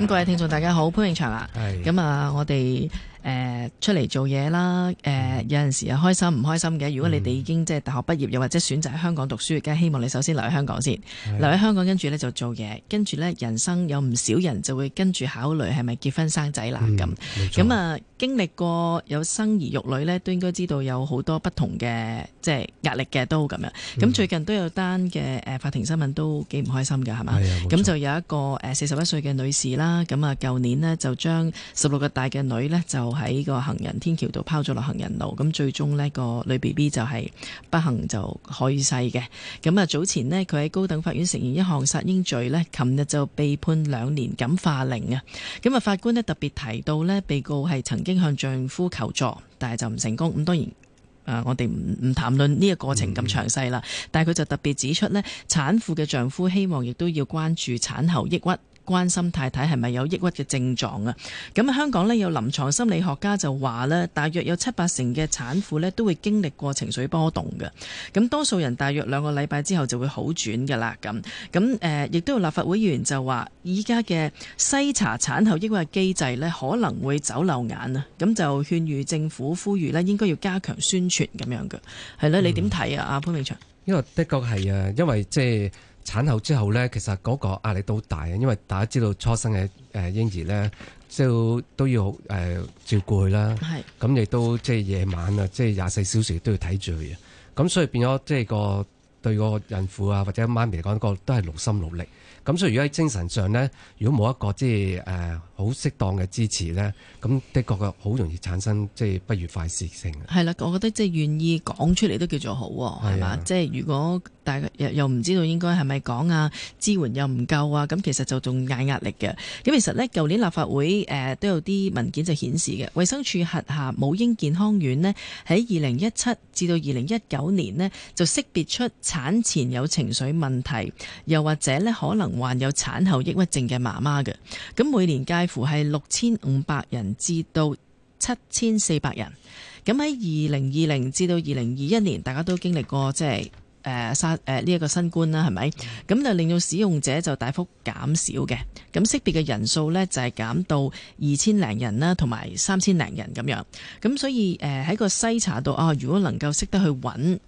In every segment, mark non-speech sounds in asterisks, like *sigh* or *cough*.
咁各位聽眾，大家好，潘榮祥啦，咁啊的，我哋。誒、呃、出嚟做嘢啦！誒、呃、有陣時又開心唔開心嘅。如果你哋已經即係大學畢業，又或者選擇喺香港讀書，梗係希望你首先留喺香港先，的留喺香港跟住咧就做嘢，跟住咧人生有唔少人就會跟住考慮係咪結婚生仔啦咁。咁啊經歷過有生兒育女咧，都應該知道有好多不同嘅即係壓力嘅都咁樣。咁、嗯嗯、最近都有單嘅誒法庭新聞都幾唔開心㗎係嘛？咁就有一個誒四十一歲嘅女士啦。咁啊舊年呢就將十六個大嘅女咧就。喺個行人天橋度拋咗落行人路，咁最終呢個女 B B 就係不幸就去世嘅。咁啊早前呢，佢喺高等法院承認一項殺嬰罪呢，琴日就被判兩年感化令啊。咁啊法官呢特別提到呢，被告係曾經向丈夫求助，但係就唔成功。咁當然啊、呃，我哋唔唔談論呢個過程咁詳細啦。但係佢就特別指出呢，產婦嘅丈夫希望亦都要關注產後抑鬱。關心太太係咪有抑鬱嘅症狀啊？咁香港呢，有臨床心理學家就話呢，大約有七八成嘅產婦呢都會經歷過情緒波動嘅。咁多數人大約兩個禮拜之後就會好轉嘅啦。咁咁誒，亦、呃、都有立法會議員就話，依家嘅篩查產後抑鬱嘅機制呢，可能會走漏眼啊。咁就勸喻政府呼籲咧，應該要加強宣傳咁樣嘅。係啦，你點睇啊？阿、嗯啊、麥永接，因，因為的確係啊，因為即係。產後之後咧，其實嗰個壓力都大啊，因為大家知道初生嘅誒嬰兒咧，即係都要誒、呃、照顧佢啦。係是，咁亦都即係夜晚啊，即係廿四小時都要睇住佢啊。咁所以變咗即係個。對個孕婦啊，或者媽咪嚟講，個都係勞心勞力。咁所以如果喺精神上呢，如果冇一個即係誒好適當嘅支持呢，咁的確個好容易產生即係、呃、不愉快事情。係啦，我覺得即係願意講出嚟都叫做好喎，係嘛？是的 即係如果大家又又唔知道應該係咪講啊，支援又唔夠啊，咁其實就仲嗌壓力嘅。咁其實呢，舊年立法會誒、呃、都有啲文件就顯示嘅，衛生署轄下母嬰健康院呢，喺二零一七至到二零一九年呢，就識別出。產前有情緒問題，又或者咧可能患有產後抑鬱症嘅媽媽嘅，咁每年介乎係六千五百人至到七千四百人。咁喺二零二零至到二零二一年，大家都經歷過即係誒新誒呢一個新冠啦，係咪？咁、嗯、就令到使用者就大幅減少嘅。咁識別嘅人數呢，就係減到二千零人啦，同埋三千零人咁樣。咁所以誒喺個篩查度啊，如果能夠識得去揾。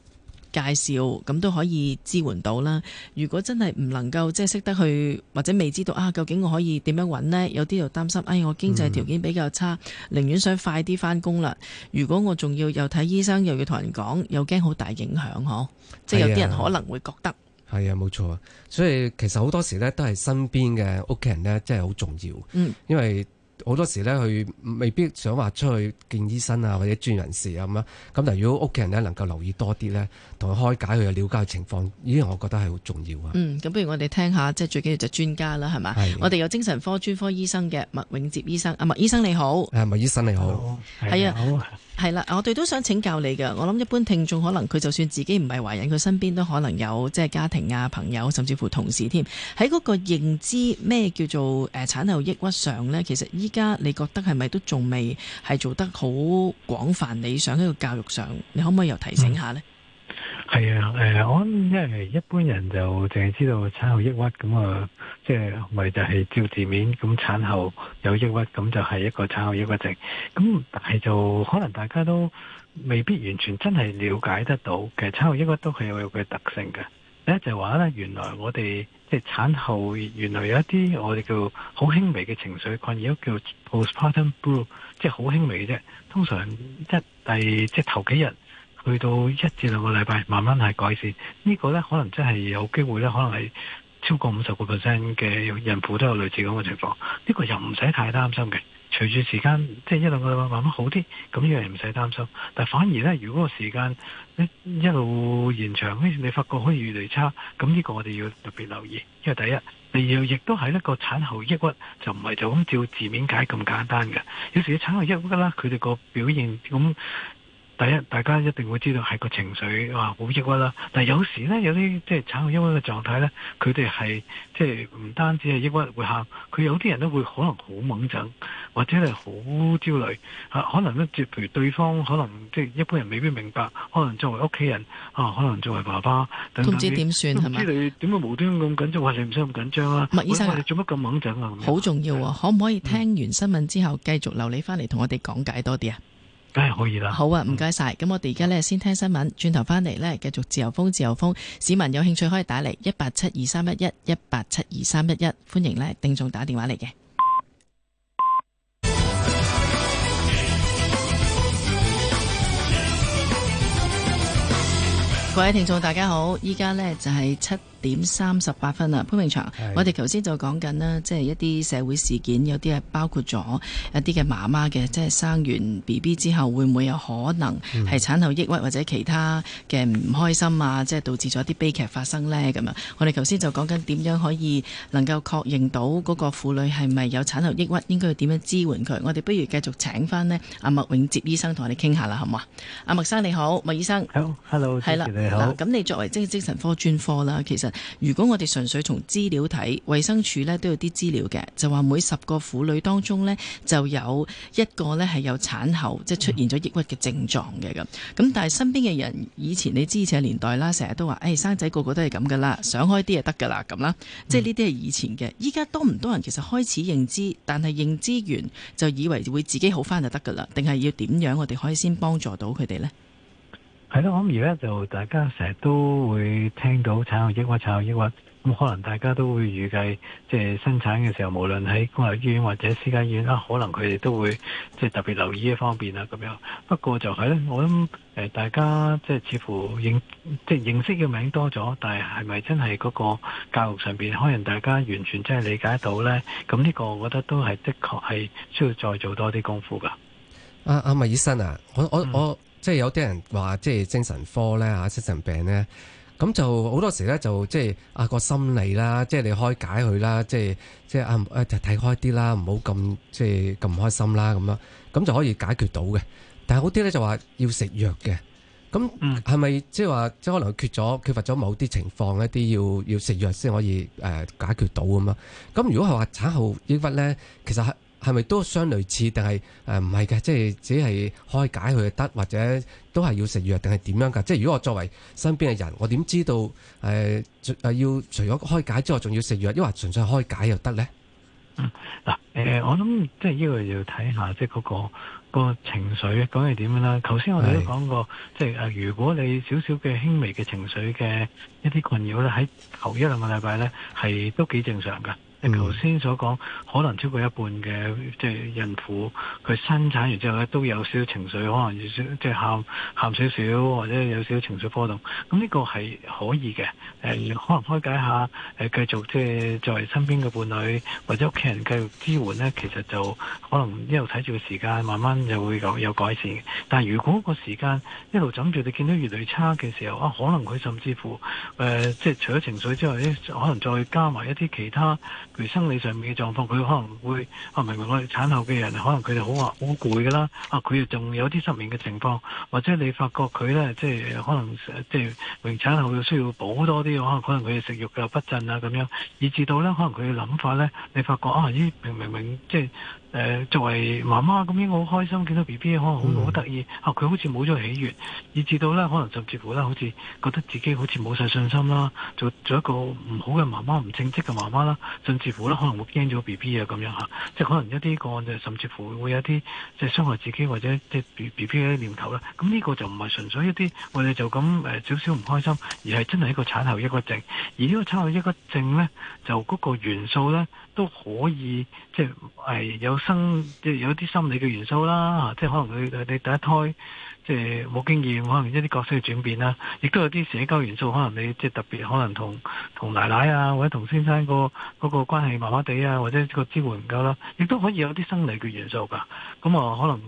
介紹咁都可以支援到啦。如果真係唔能夠即係識得去，或者未知道啊，究竟我可以點樣揾呢？有啲又擔心，哎，我經濟條件比較差，嗯、寧願想快啲返工啦。如果我仲要又睇醫生，又要同人講，又驚好大影響嗬，即係有啲人可能會覺得係啊，冇、啊、錯啊。所以其實好多時呢，都係身邊嘅屋企人呢，真係好重要。嗯，因為。好多時咧，佢未必想話出去見醫生啊，或者專業人士啊咁樣。咁但係如果屋企人咧能夠留意多啲咧，同佢開解佢嘅了解嘅情況，呢樣我覺得係好重要啊。嗯，咁不如我哋聽下，即係最緊要就專家啦，係咪？啊、我哋有精神科專科醫生嘅麥永接醫生，阿麥醫生你好。誒，麥醫生你好。係啊。Hello. Hello. 係啦，我哋都想請教你嘅。我諗一般聽眾可能佢就算自己唔係懷孕，佢身邊都可能有即係家庭啊、朋友，甚至乎同事添。喺嗰個認知咩叫做誒、呃、產後抑鬱上呢，其實依家你覺得係咪都仲未係做得好廣泛、理想喺個教育上？你可唔可以又提醒下呢？嗯係啊，誒我因為一般人就淨係知道產後抑鬱咁啊，即係咪就係、就是、照字面咁產後有抑鬱咁就係一個產後抑鬱症，咁但係就可能大家都未必完全真係了解得到其實產後抑鬱都係有佢嘅特性嘅。咧就係話咧，原來我哋即係產後原來有一啲我哋叫好輕微嘅情緒困擾叫 postpartum blues 即係好輕微嘅啫。通常一第即係頭幾日。去到一至兩個禮拜，慢慢係改善。呢、這個呢，可能真係有機會呢，可能係超過五十個 percent 嘅孕婦都有類似咁嘅情況。呢、這個又唔使太擔心嘅。隨住時間，即係一兩個禮拜慢慢好啲，咁呢樣唔使擔心。但反而呢，如果個時間一路延長，你發覺可以越嚟越差，咁、這、呢個我哋要特別留意。因為第一，第二，亦都係一個產後抑鬱，就唔係就咁照字面解咁簡單嘅。有時嘅產後抑鬱啦，佢哋個表現咁。第一，大家一定會知道係個情緒話好抑鬱啦。但係有時咧，有啲即係產後抑鬱嘅狀態咧，佢哋係即係唔單止係抑鬱會喊，佢有啲人都會可能好掹震，或者係好焦慮嚇、啊。可能咧，接譬如對方，可能即係一般人未必明白。可能作為屋企人啊，可能作為爸爸，唔知點算係咪？唔知你點解吧無端咁緊張？話你唔使咁緊張啦。麥醫生，你做乜咁掹震啊？好重要啊！是是可唔可以聽完新聞之後繼續留你翻嚟同我哋講解多啲啊？梗係可以啦。好啊，唔該晒。咁我哋而家呢，先聽新聞，轉頭翻嚟呢，繼續自由風，自由風。市民有興趣可以打嚟一八七二三一一一八七二三一一，11, 11, 歡迎呢，聽眾打電話嚟嘅。嗯、各位聽眾大家好，依家呢，就係、是、七。點三十八分啦，潘永祥，的我哋頭先就講緊呢，即係一啲社會事件，有啲係包括咗一啲嘅媽媽嘅，即係生完 B B 之後會唔會有可能係產後抑鬱或者其他嘅唔開心啊？即係導致咗啲悲劇發生呢？咁樣。我哋頭先就講緊點樣可以能夠確認到嗰個婦女係咪有產後抑鬱，應該要點樣支援佢？我哋不如繼續請翻呢阿麥永接醫生同我哋傾下啦，好唔好？阿麥生你好，麥醫生。hello，hello。係啦，咁你作為精精神科專科啦，其實。如果我哋純粹從資料睇，衛生署咧都有啲資料嘅，就話每十個婦女當中呢，就有一個咧係有產後即係出現咗抑鬱嘅症狀嘅咁。咁但係身邊嘅人，以前你知以前嘅年代啦，成日都話，誒、哎、生仔個個都係咁噶啦，想開啲就得噶啦咁啦。即係呢啲係以前嘅，依家多唔多人其實開始認知，但係認知完就以為會自己好翻就得噶啦，定係要點樣我哋可以先幫助到佢哋呢？係咯，我諗而家就大家成日都會聽到產後抑鬱、產後抑鬱，咁可能大家都會預計，即係生產嘅時候，無論喺公立醫院或者私家醫院啦，可能佢哋都會即係特別留意呢方面啊，咁樣。不過就係咧，我諗誒大家即係似乎認即係認識嘅名多咗，但係係咪真係嗰個教育上邊，可能大家完全真係理解到咧？咁呢個我覺得都係的確係需要再做多啲功夫㗎。阿阿麥醫生啊，我我我。即係有啲人話，即係精神科咧嚇，精神病咧，咁就好多時咧，就即係啊個心理啦，即係你開解佢啦，即係即係啊誒，就睇開啲啦，唔好咁即係咁唔開心啦，咁樣咁就可以解決到嘅。但係好啲咧就話要食藥嘅，咁係咪即係話即係可能缺咗缺乏咗某啲情況一啲要要食藥先可以誒解決到咁樣？咁如果係話產後抑鬱咧，其實係。係咪都相類似？定係誒唔係嘅？即係只係開解佢得，或者都係要食藥，定係點樣噶？即係如果我作為身邊嘅人，我點知道誒誒要除咗開解之外，仲要食藥，抑或純粹開解又得咧？嗱誒、嗯呃，我諗即係呢個要睇下，即係、那、嗰個、那個那個情緒究竟係點樣啦。頭先我哋都講過，是即係誒，如果你少少嘅輕微嘅情緒嘅一啲困擾咧，喺頭一兩個禮拜咧，係都幾正常噶。頭先、嗯、所講，可能超過一半嘅即係孕婦，佢生產完之後咧，都有少少情緒，可能有少即係喊喊少少，或者有少少情緒波動。咁呢個係可以嘅，誒、呃、可能開解下，誒、呃、繼續即係作為身邊嘅伴侶或者屋企人繼續支援呢，其實就可能一路睇住個時間，慢慢就會有有改善。但係如果個時間一路枕住，你見到越嚟越差嘅時候，哇、啊！可能佢甚至乎誒、呃、即係除咗情緒之外咧，可能再加埋一啲其他。佢生理上面嘅狀況，佢可能會啊明明我哋產後嘅人，可能佢哋好啊好攰噶啦，啊佢又仲有啲失眠嘅情況，或者你發覺佢咧，即係可能即係明產後需要補多啲，可能可能佢食欲又不振啊咁樣，以至到咧可能佢嘅諗法咧，你發覺啊咦明明明即係？誒、呃、作為媽媽咁應該好開心見到 B B，可能好好得意。啊，佢好似冇咗喜悅，以至到呢，可能甚至乎呢，好似覺得自己好似冇晒信心啦，做做一個唔好嘅媽媽，唔正職嘅媽媽啦，甚至乎呢可能會驚咗 B B 啊咁樣嚇，即係可能一啲個案就甚至乎會有啲即係傷害自己或者即係 B B 嘅念頭啦。咁呢個就唔係純粹一啲我哋就咁誒少少唔開心，而係真係一個產後抑鬱症。而呢個產後抑鬱症呢，就嗰個元素呢。都可以，即係誒、呃、有生，即係有啲心理嘅元素啦，吓，即係可能佢你，你第一胎。即係冇經驗，可能一啲角色嘅轉變啦，亦都有啲社交元素，可能你即係特別可能同同奶奶啊，或者同先生、個、嗰個關係麻麻哋啊，或者個支援唔夠啦，亦都可以有啲生理嘅元素㗎。咁、嗯、啊，可能誒、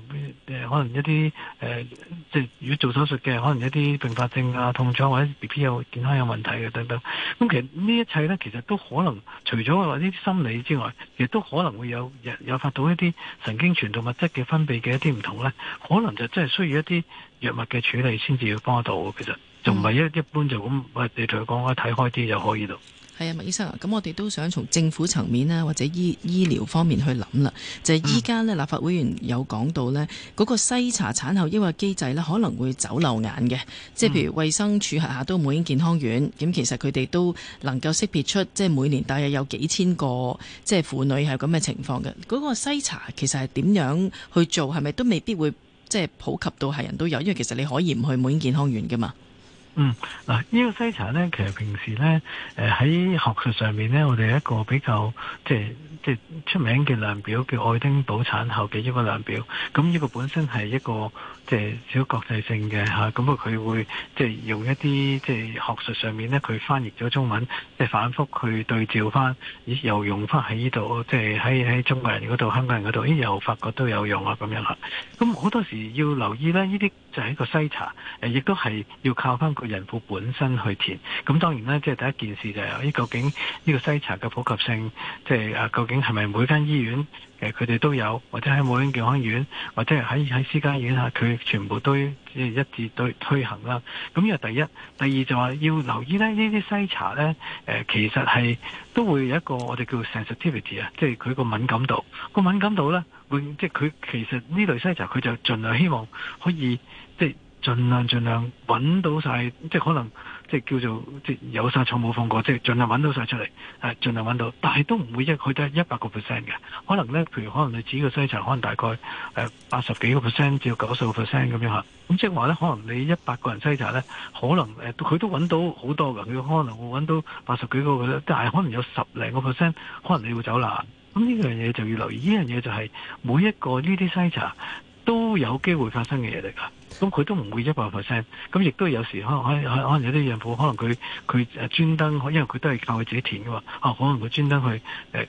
呃，可能一啲誒、呃、即係如果做手術嘅，可能一啲併發症啊、痛楚或者 B P 有健康有問題嘅等等。咁其實呢一切咧，其實都可能除咗話呢啲心理之外，亦都可能會有有，有發到一啲神經傳導物質嘅分泌嘅一啲唔同咧，可能就真係需要一啲。藥物嘅處理先至要幫得到，其實就唔係一、嗯、一般就咁，喂你同佢講開睇開啲就可以咯。係啊，麥醫生，咁我哋都想從政府層面咧，或者醫醫療方面去諗啦。就係依家呢，立法會議員有講到呢，嗰、嗯、個篩查產後抑鬱機制咧，可能會走漏眼嘅。即係譬如衛生署轄下都母嬰健康院，咁、嗯、其實佢哋都能夠識別出，即係每年大約有幾千個即係婦女係咁嘅情況嘅。嗰、嗰個篩查其實係點樣去做，係咪都未必會？即係普及到係人都有，因為其實你可以唔去母嬰健康院㗎嘛。嗯，嗱，呢個篩查咧，其實平時咧，誒、呃、喺學術上面咧，我哋一個比較即係。即係出名嘅量表，叫愛丁堡產後嘅一個量表。咁呢個本身係一個即係小國際性嘅嚇。咁啊，佢會即係用一啲即係學術上面咧，佢翻譯咗中文，即係反覆去對照翻，又用翻喺呢度，即係喺喺中國人嗰度、香港人嗰度，咦又發覺都有用啊咁樣嚇。咁好多時要留意咧，呢啲就係一個篩查，亦都係要靠翻個孕婦本身去填。咁當然啦，即係第一件事就係呢，究竟呢個篩查嘅普及性，即係啊究竟。係咪每間醫院？誒、呃，佢哋都有，或者喺母嬰健康院，或者喺喺私家醫院吓，佢全部都即係一致都推行啦。咁、嗯、呢個第一，第二就話要留意咧，呢啲篩查呢，誒、呃，其實係都會有一個我哋叫 sensitivity 啊，即係佢個敏感度。個敏感度咧，即係佢其實呢類篩查，佢就盡量希望可以即係盡量盡量揾到晒，即係可能。即係叫做即係有殺錯冇放過，即係盡量揾到晒出嚟，係盡量揾到。但係都唔會一佢都係一百個 percent 嘅，可能咧，譬如可能你自己個篩查，可能大概誒八十幾個 percent 至到九十個 percent 咁樣嚇。咁即係話咧，可能你一百個人篩查咧，可能誒佢都揾到好多嘅，佢可能會揾到八十幾個嘅，但係可能有十零個 percent，可能你會走難。咁呢樣嘢就要留意，呢樣嘢就係每一個呢啲篩查都有機會發生嘅嘢嚟㗎。咁佢都唔會一百 percent，咁亦都有時可能可可能有啲孕婦可能佢佢誒專登，因為佢都係靠佢自己填嘅喎。哦，可能佢專登去誒誒、呃，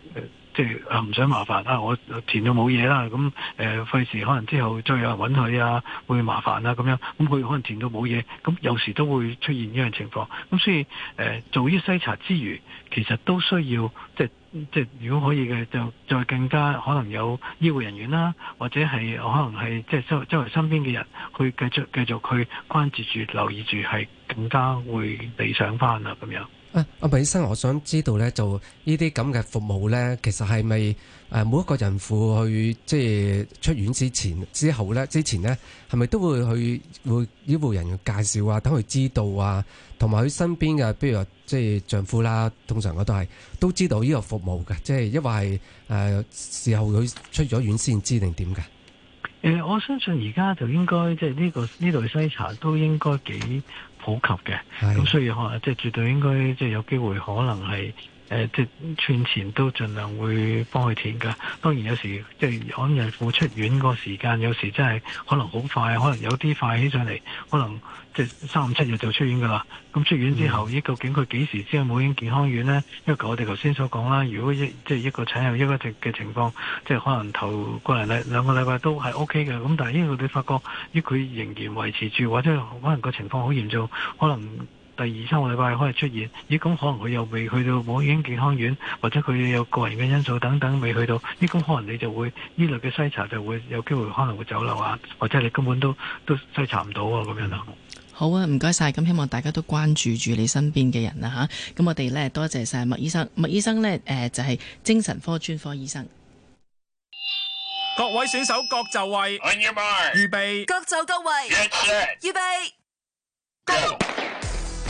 即係唔想麻煩啊，我填到冇嘢啦，咁誒費事可能之後再有人揾佢啊，會麻煩啦咁樣。咁佢可能填到冇嘢，咁有時都會出現呢樣情況。咁所以誒、呃，做呢篩查之餘，其實都需要即係。即係如果可以嘅，就再更加可能有醫護人員啦，或者係可能係即係周周圍身邊嘅人去繼續繼續去關注住、留意住，係更加會理想翻啦咁樣。阿阿麥醫生，我想知道咧，就呢啲咁嘅服務咧，其實係咪誒每一個孕婦去即係出院之前、之後咧、之前咧，係咪都會去會醫護人員介紹啊，等佢知道啊，同埋佢身邊嘅，譬如話即係丈夫啦，通常我都係都知道呢個服務嘅，即係因為誒事後佢出咗院先知定點嘅？誒、欸，我相信而家就應該即係呢個呢度嘅篩查都應該幾。普及嘅，咁的所以可能即係絕對應該即係有機會可能係。誒即係串錢都盡量會幫佢填㗎。當然有時即係安孕婦出院個時間，有時真係可能好快，可能有啲快起上嚟，可能即係三五七日就出院㗎啦。咁出院之後，依、嗯、究竟佢幾時先可以去母嬰健康院呢？因為我哋頭先所講啦，如果一即係、就是、一個產後抑鬱症嘅情況，即、就、係、是、可能頭過兩個禮兩個禮拜都係 O K 嘅。咁但係因為你發覺，依佢仍然維持住，或者可能個情況好嚴重，可能。第二三個禮拜可能出現，咦？咁可能佢又未去到母嬰健康院，或者佢又有個人嘅因素等等，未去到，咦？咁可能你就會呢類嘅篩查就會有機會可能會走漏啊，或者你根本都都篩查唔到啊咁樣啊。好啊，唔該晒。咁希望大家都關注住你身邊嘅人啦吓，咁、啊、我哋呢，多謝晒麥醫生，麥醫生呢，誒、呃、就係、是、精神科專科醫生。各位選手各就位，準 your 備。各就各位，準 Yes, sir. 備。Go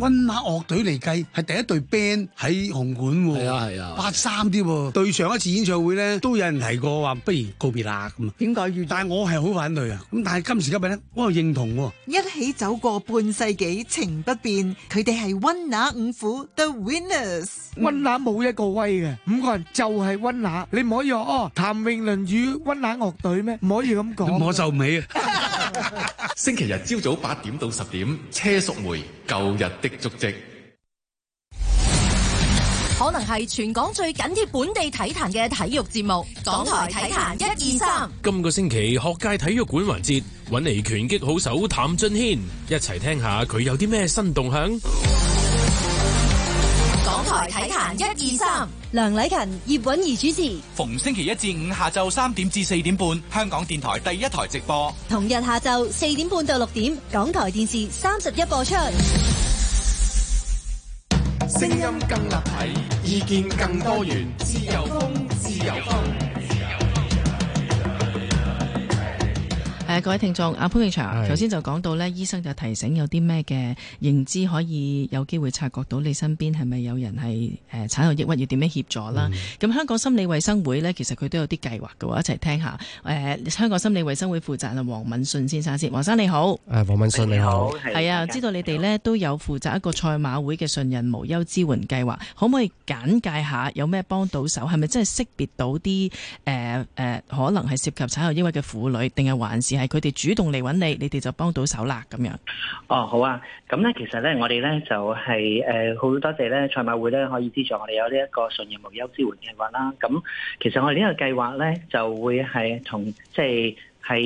温拿樂隊嚟計係第一隊 band 喺紅館喎，係啊係啊，八三啲對上一次演唱會咧都有人提過話，不如告別啦咁。點解要？但係我係好反對啊！咁但係今時今日咧，我又認同喎。一起走過半世紀，情不變。佢哋係温拿五虎，The Winners。温拿冇一個威嘅，五個人就係温拿。你唔可以話哦，譚詠麟與温拿樂隊咩？唔可以咁講。我受唔起啊！ *laughs* 星期日朝早八點到十點，車淑梅《舊日的足迹》可能係全港最緊貼本地體壇嘅體育節目，《港台體壇》一二三。今個星期學界體育館環節，搵嚟拳擊好手譚俊軒，一齊聽下佢有啲咩新動向。港台睇壇一二三，1, 2, 梁禮勤、葉韻儀主持。逢星期一至五下晝三點至四點半，香港電台第一台直播；同日下晝四點半到六點，港台電視三十一播出。聲音更立體，意見更多元，自由風，自由風。啊、各位聽眾，阿潘永祥頭先就講到咧，是醫生就提醒有啲咩嘅認知可以有機會察覺到你身邊係咪有人係誒、呃、產後抑鬱，要點樣協助啦？咁、嗯啊、香港心理衛生會呢，其實佢都有啲計劃嘅喎，一齊聽一下。誒、呃、香港心理衛生會負責人黃敏信先生先，黃生你好。誒黃、啊、敏信你好，係啊、哎，知道你哋呢都有負責一個賽馬會嘅順孕無憂支援計劃，可唔可以簡介下有咩幫到手？係咪真係識別到啲誒誒可能係涉及產後抑鬱嘅婦女，定係還是？係佢哋主動嚟揾你，你哋就幫到手啦咁樣。哦，好啊，咁咧其實咧，我哋咧就係誒，好多謝咧賽馬會咧可以資助我哋有呢一個順孕無憂支援計劃啦。咁其實我哋呢、就是呃、個計劃咧就會係同即係。喺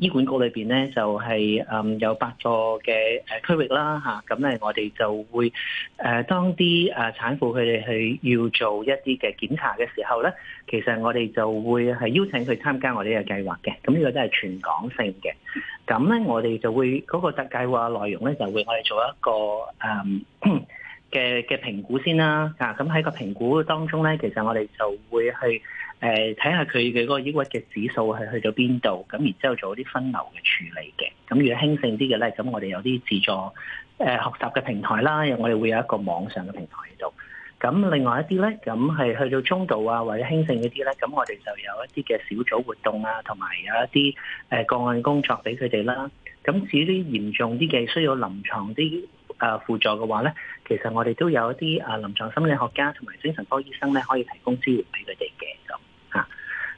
醫管局裏邊咧，就係、是、嗯有八個嘅誒區域啦吓，咁、啊、咧我哋就會誒、啊、當啲誒、啊、產婦佢哋去要做一啲嘅檢查嘅時候咧，其實我哋就會係邀請佢參加我哋嘅計劃嘅，咁呢個都係全港性嘅。咁、啊、咧我哋就會嗰、那個特計劃內容咧就會我哋做一個誒嘅嘅評估先啦。啊，咁喺個評估當中咧，其實我哋就會去。誒睇下佢嘅嗰個抑鬱嘅指數係去到邊度，咁然之後做啲分流嘅處理嘅。咁如果輕性啲嘅咧，咁我哋有啲自助誒學習嘅平台啦，我哋會有一個網上嘅平台喺度。咁另外一啲咧，咁係去到中度啊或者輕性嗰啲咧，咁我哋就有一啲嘅小組活動啊，同埋有一啲誒個案工作俾佢哋啦。咁至於啲嚴重啲嘅需要臨床啲誒輔助嘅話咧，其實我哋都有一啲誒臨床心理學家同埋精神科醫生咧，可以提供資源俾佢哋嘅。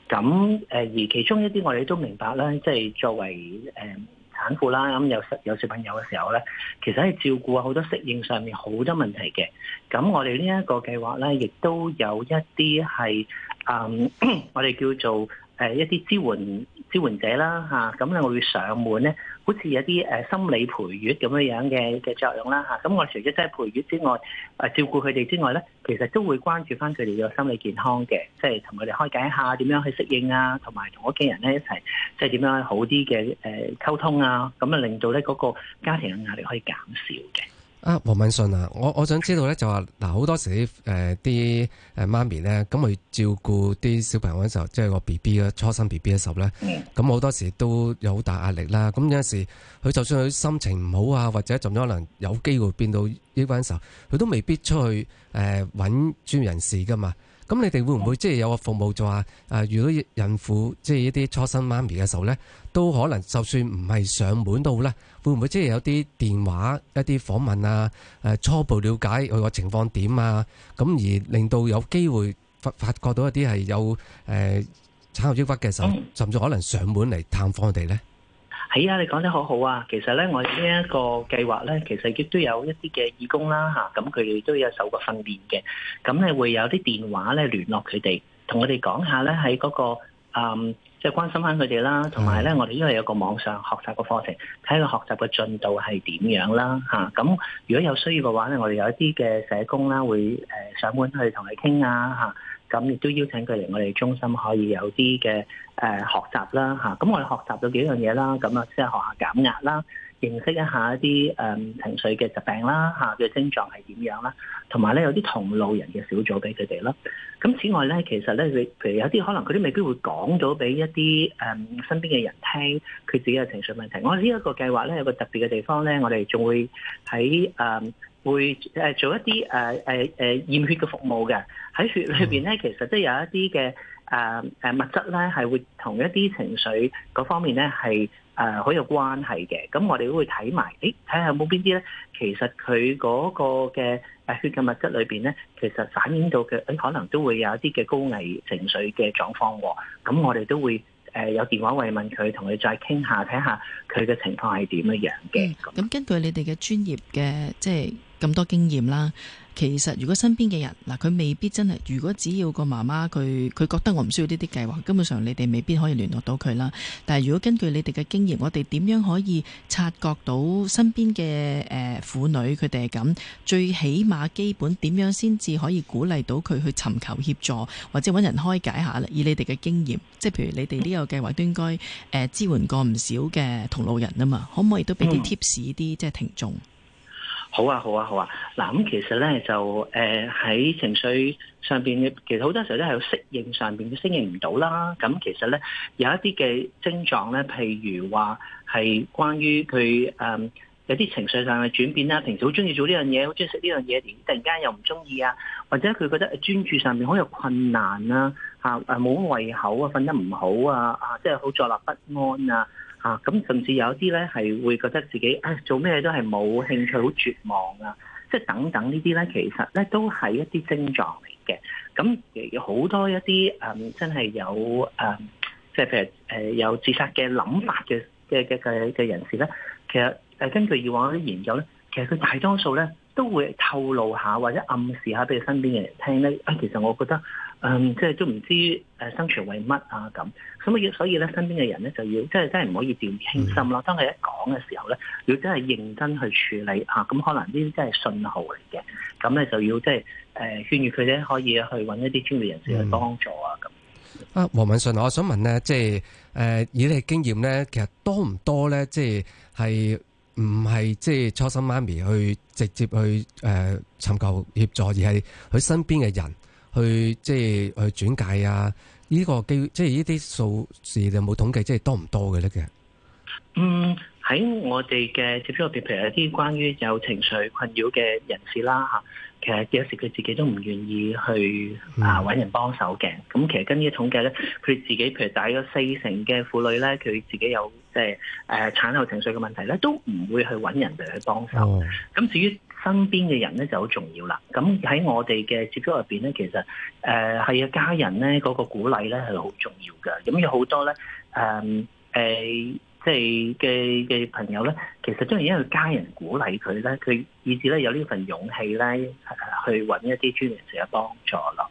咁誒，而其中一啲我哋都明白咧，即係作為誒、呃、產婦啦，咁有有小朋友嘅時候咧，其實係照顧啊好多適應上面好多問題嘅。咁我哋呢一個計劃咧，亦都有一啲係誒，我哋叫做誒一啲支援支援者啦嚇，咁咧你會上門咧。好似有啲誒心理培育咁樣樣嘅嘅作用啦嚇，咁我除咗即係培育之外，啊照顧佢哋之外咧，其實都會關注翻佢哋嘅心理健康嘅，即係同佢哋開解一下點樣去適應啊，同埋同屋企人咧一齊即係點樣好啲嘅誒溝通啊，咁啊令到咧嗰個家庭嘅壓力可以減少嘅。啊，黃敏信啊，我我想知道咧，就話嗱，好多時啲啲誒媽咪咧，咁去照顧啲小朋友嗰陣時候，即係個 B B 嘅初生 B B 嗰陣時候咧，咁好 Yeah. 多時都有好大壓力啦。咁有陣時佢就算佢心情唔好啊，或者就可能有機會變到抑鬱嗰陣時候，佢都未必出去誒揾、呃、專業人士噶嘛。咁你哋會唔會即係有個服務就話誒，如果孕婦即係一啲初生媽咪嘅時候呢，都可能就算唔係上門都好呢，會唔會即係有啲電話一啲訪問啊？誒，初步瞭解佢個情況點啊？咁而令到有機會發發覺到一啲係有誒產後抑鬱嘅時候，甚至可能上門嚟探訪佢哋呢？係啊，你講得好好啊！其實咧，我哋呢一個計劃咧，其實亦都有一啲嘅義工啦嚇，咁佢哋都有受過訓練嘅，咁你會有啲電話咧聯絡佢哋，同我哋講下咧喺嗰個即係關心翻佢哋啦，同埋咧我哋因為有個網上學習嘅課程，睇下個學習嘅進度係點樣啦嚇，咁如果有需要嘅話咧，我哋有一啲嘅社工啦會誒上門去同佢傾啊嚇。咁亦都邀請佢嚟我哋中心，可以有啲嘅誒學習啦嚇。咁我哋學習咗幾樣嘢啦，咁啊，即係學下減壓啦，認識一下一啲誒、呃、情緒嘅疾病啦嚇嘅症狀係點樣啦，同埋咧有啲同路人嘅小組俾佢哋咯。咁此外咧，其實咧，你譬如有啲可能佢都未必會講到俾一啲誒、呃、身邊嘅人聽佢自己嘅情緒問題。我呢一個計劃咧有個特別嘅地方咧，我哋仲會喺誒。呃會誒做一啲誒誒誒驗血嘅服務嘅，喺血裏邊咧，其實即係有一啲嘅誒誒物質咧，係會同一啲情緒嗰方面咧，係誒好有關係嘅。咁我哋都會睇埋，誒睇下有冇邊啲咧。其實佢嗰個嘅誒血嘅物質裏邊咧，其實反映到嘅誒，可能都會有一啲嘅高危情緒嘅狀況喎。咁我哋都會。誒有電話慰問佢，同佢再傾下，睇下佢嘅情況係點樣樣嘅。咁、嗯、根據你哋嘅專業嘅，即係咁多經驗啦。其實，如果身邊嘅人嗱，佢未必真係。如果只要個媽媽佢佢覺得我唔需要呢啲計劃，根本上你哋未必可以聯絡到佢啦。但係如果根據你哋嘅經驗，我哋點樣可以察覺到身邊嘅誒、呃、婦女佢哋係咁？最起碼基本點樣先至可以鼓勵到佢去尋求協助，或者揾人開解下咧？以你哋嘅經驗，即係譬如你哋呢個計劃都應該誒、呃、支援過唔少嘅同路人啊嘛，可唔可以都俾啲 tips 啲即係聽眾？嗯。好啊，好啊，好啊！嗱，咁其實咧就誒、呃、喺情緒上邊嘅，其實好多時候都係有適應上邊嘅適應唔到啦。咁其實咧有一啲嘅症狀咧，譬如話係關於佢誒、呃、有啲情緒上嘅轉變啦，平時好中意做呢樣嘢，好中意食呢樣嘢，突然間又唔中意啊，或者佢覺得專注上面好有困難啊，嚇誒冇胃口啊，瞓得唔好啊，啊即係好坐立不安啊。啊，咁甚至有啲咧係會覺得自己啊做咩都係冇興趣，好絕望啊，即係等等呢啲咧，其實咧都係一啲症狀嚟嘅。咁有好多一啲誒、嗯、真係有誒、嗯，即係譬如誒、呃、有自殺嘅諗法嘅嘅嘅嘅人士咧，其實誒根據以往啲研究咧，其實佢大多數咧都會透露下或者暗示下俾佢身邊嘅人聽咧，啊其實我覺得。嗯，即係都唔知誒生存為乜啊咁，咁啊要所以咧，身邊嘅人咧就要，即係真係唔可以掉以輕心咯。嗯、當佢一講嘅時候咧，要真係認真去處理吓，咁、啊、可能呢啲真係信號嚟嘅，咁咧就要即係誒勸喻佢咧，呃、可以去揾一啲專業人士去幫助啊咁。嗯、樣啊，黃敏信，我想問咧，即係誒、呃、以你經驗咧，其實多唔多咧？即係係唔係即係初生媽咪去直接去誒尋、呃、求協助，而係佢身邊嘅人？去即係去轉介啊！呢、這個基即係呢啲數字你有冇統計，即係多唔多嘅咧？其實嗯，喺我哋嘅接觸入邊，譬如一啲關於有情緒困擾嘅人士啦嚇，其實有時佢自己都唔願意去啊揾人幫手嘅。咁其實根據統計咧，佢自己譬如大約四成嘅婦女咧，佢自己有即係誒產後情緒嘅問題咧，都唔會去揾人哋去幫手。咁、哦、至於身邊嘅人咧就好重要啦，咁喺我哋嘅接觸入邊咧，其實誒係嘅家人咧，嗰個鼓勵咧係好重要嘅，咁有好多咧誒誒即係嘅嘅朋友咧，其實都係因為家人鼓勵佢咧，佢以至咧有呢份勇氣咧去搵一啲專業人士嘅幫助咯。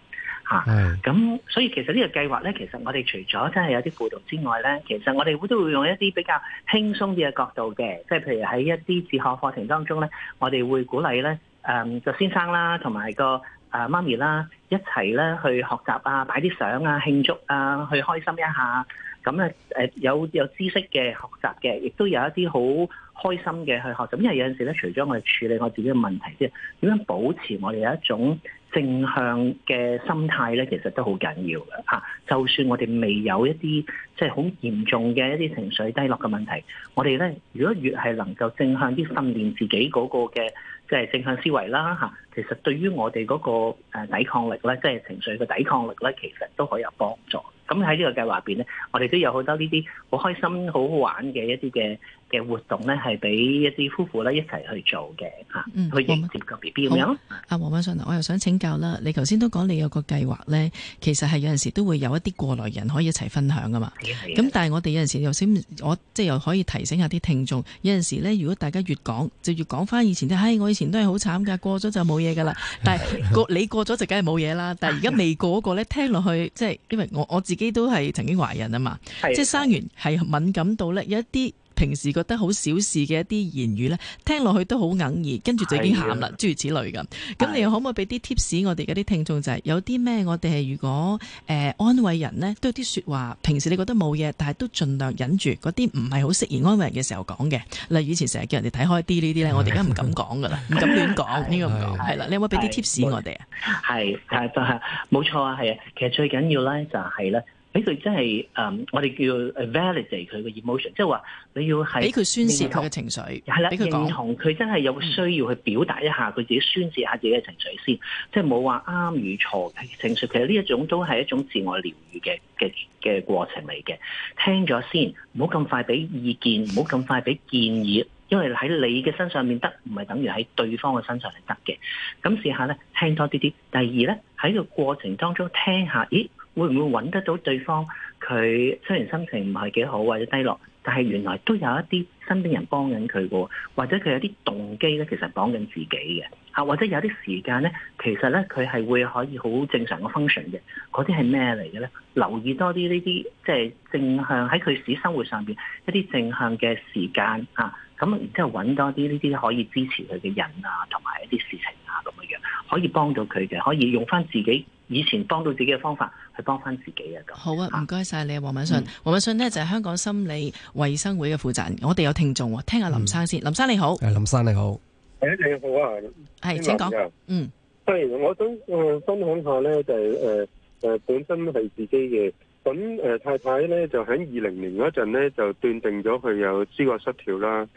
吓，咁、啊、所以其實呢個計劃呢，其實我哋除咗真係有啲輔導之外呢，其實我哋會都會用一啲比較輕鬆啲嘅角度嘅，即係譬如喺一啲自學課程當中呢，我哋會鼓勵呢，誒、嗯，個先生啦，同埋個誒媽咪啦，一齊呢去學習啊，擺啲相啊，慶祝啊，去開心一下，咁咧誒有有知識嘅學習嘅，亦都有一啲好開心嘅去學習，因為有陣時呢，除咗我哋處理我自己嘅問題之外，點樣保持我哋有一種正向嘅心態咧，其實都好緊要嘅嚇。啊，就算我哋未有一啲即係好嚴重嘅一啲情緒低落嘅問題，我哋咧如果越係能夠正向啲訓練自己嗰個嘅。即係正向思維啦嚇，其實對於我哋嗰個抵抗力咧，即係情緒嘅抵抗力咧，其實都可以有幫助。咁喺呢個計劃入邊咧，我哋都有好多呢啲好開心、好好玩嘅一啲嘅嘅活動咧，係俾一啲夫婦咧一齊去做嘅嚇。嗯，去迎接個 B B。嗯、樣好，阿黃敏信我又想請教啦，你頭先都講你有個計劃咧，其實係有陣時都會有一啲過來人可以一齊分享㗎嘛。咁的但係我哋有陣時又我即係又可以提醒下啲聽眾，有陣時咧，如果大家越講就越講翻以前啲，以前。Hey, 以前都係好慘噶，過咗就冇嘢噶啦。但係 *laughs* 過你過咗就梗係冇嘢啦。但係而家未過嗰個咧，聽落去即係，因為我我自己都係曾經懷孕啊嘛， *laughs* 即係生完係敏感到咧有一啲。平時覺得好小事嘅一啲言語咧，聽落去都好哽咽，跟住就已經喊啦，諸如此類噶。咁你可唔可以俾啲 tips 我哋嘅啲聽眾？就係有啲咩我哋係如果誒安慰人咧，都有啲說話。平時你覺得冇嘢，但係都盡量忍住嗰啲唔係好適宜安慰人嘅時候講嘅。例如以前成日叫人哋睇開啲呢啲咧，我哋而家唔敢講噶啦，唔敢亂講，應該唔講係啦。你可唔可以俾啲 tips 我哋啊？係，就係冇錯啊，係啊。其實最緊要咧就係咧。俾佢真係誒，um, 我哋叫 validate 佢嘅 emotion，即係話你要係俾佢宣泄佢嘅情緒，係啦，俾佢認同佢真係有需要去表達一下佢自己宣泄下自己嘅情緒先，即係冇話啱與錯嘅情緒。其實呢一種都係一種自我療愈嘅嘅嘅過程嚟嘅。聽咗先，唔好咁快俾意見，唔好咁快俾建議，因為喺你嘅身上面得，唔係等於喺對方嘅身上係得嘅。咁試下咧，聽多啲啲。第二咧，喺個過程當中聽下，咦？會唔會揾得到對方？佢雖然心情唔係幾好或者低落，但係原來都有一啲身邊人幫緊佢嘅，或者佢有啲動機咧，其實幫緊自己嘅。啊，或者有啲時間咧，其實咧佢係會可以好正常嘅 function 嘅。嗰啲係咩嚟嘅咧？留意多啲呢啲即係正向喺佢私生活上邊一啲正向嘅時間啊，咁然之後揾多啲呢啲可以支持佢嘅人啊，同埋一啲事情啊，咁樣樣可以幫到佢嘅，可以用翻自己。以前幫到自己嘅方法，去幫翻自己啊！好啊，唔該晒你，啊，黃敏信。黃敏信呢，嗯，就係香港心理衞生會嘅負責人。我哋有聽眾，聽下林生先。嗯、林先生你好，誒林生你好，誒、欸、你好啊，係，請講，嗯，係我想誒分享下咧，呃、看看就係誒誒本身係自己嘅。咁誒、呃、太太咧就喺二零年嗰陣咧就斷定咗佢有思覺失調啦。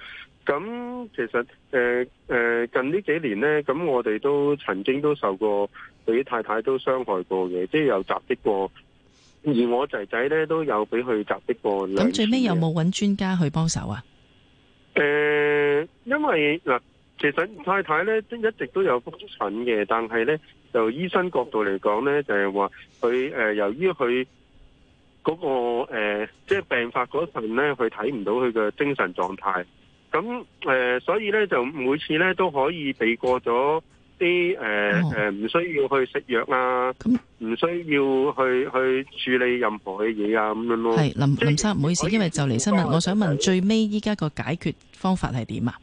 咁、嗯、其實誒誒、呃呃、近呢幾年咧，咁、嗯、我哋都曾經都受過俾太太都傷害過嘅，即係有襲擊過。而我仔仔咧都有俾佢襲擊過。咁最尾有冇揾專家去幫手啊？誒、呃，因為嗱、呃，其實太太咧都一直都有覆診嘅，但係咧就醫生角度嚟講咧，就係話佢誒由於佢。嗰、那個、呃、即係病發嗰陣咧，佢睇唔到佢嘅精神狀態。咁誒、呃，所以咧就每次咧都可以避過咗啲誒誒，唔、呃哦呃、需要去食藥啊，唔需要去去處理任何嘅嘢啊，咁樣咯。係林、就是、林生，唔好意思，因為就嚟新聞，我想問最尾依家個解決方法係點啊？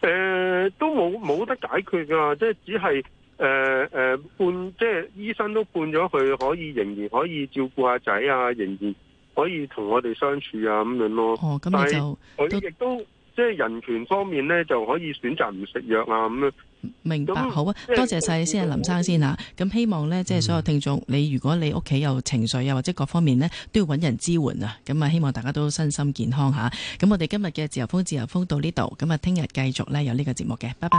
誒、呃，都冇冇得解決㗎，即係只係。誒誒，半即係醫生都判咗佢可以仍然可以照顧下仔啊，仍然可以同我哋相處啊咁樣咯。哦，咁你就亦都即係人權方面呢，就可以選擇唔食藥啊咁樣。明白，好啊，多謝晒先生林生先啊。咁希望呢，即係所有聽眾，你如果你屋企有情緒啊，或者各方面呢，都要揾人支援啊。咁啊，希望大家都身心健康吓。咁我哋今日嘅自由風自由風到呢度，咁啊，聽日繼續呢，有呢個節目嘅，拜拜。